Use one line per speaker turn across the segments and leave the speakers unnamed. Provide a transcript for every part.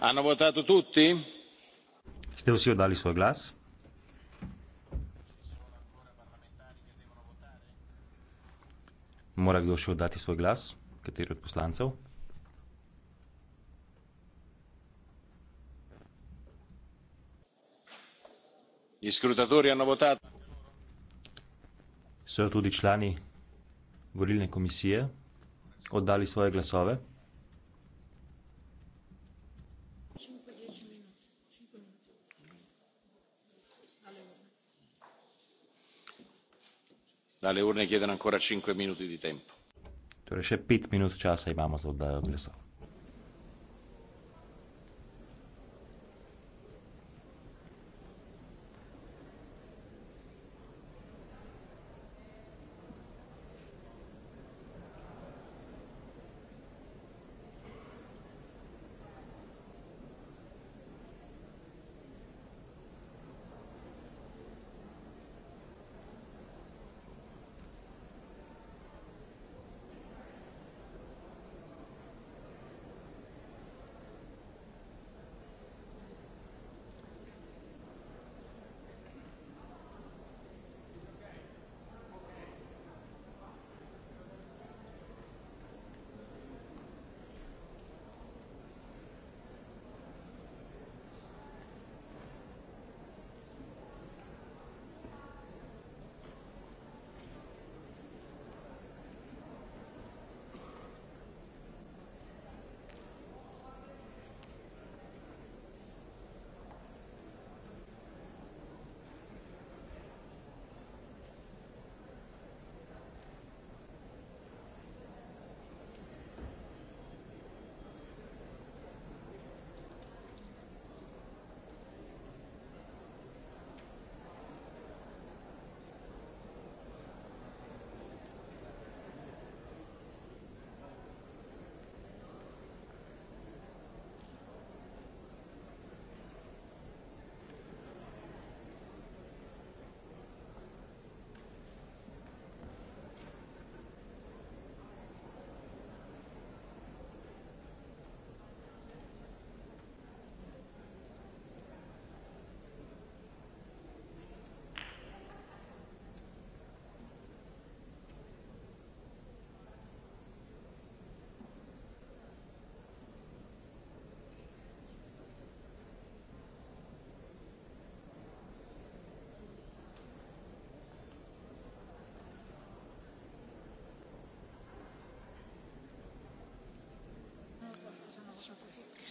hanno votato tutti? ste vsi oddali svoj glas? mora kdo še oddati svoj glas? kateri od poslancev? Iskrutatori hanno votato. So tudi člani volilne komisije oddali svoje glasove? Tale urne chiedono ancora 5 minuti di tempo. Torej, še 5 minut časa imamo za oddajo glasov.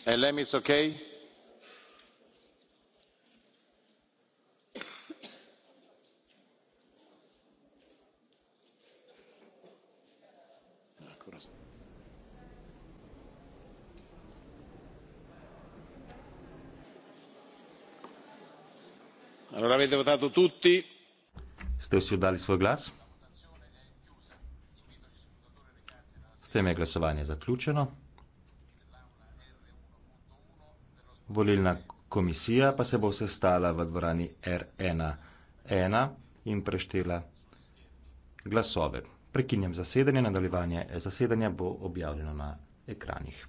and uh, lemme say allora avete votato tutti stessi ho dali svoj glas s tem je glasovanje zaključeno Volilna komisija pa se bo sestala v dvorani R1 in preštela glasove. Prekinjam zasedanje, nadaljevanje zasedanja bo objavljeno na ekranih.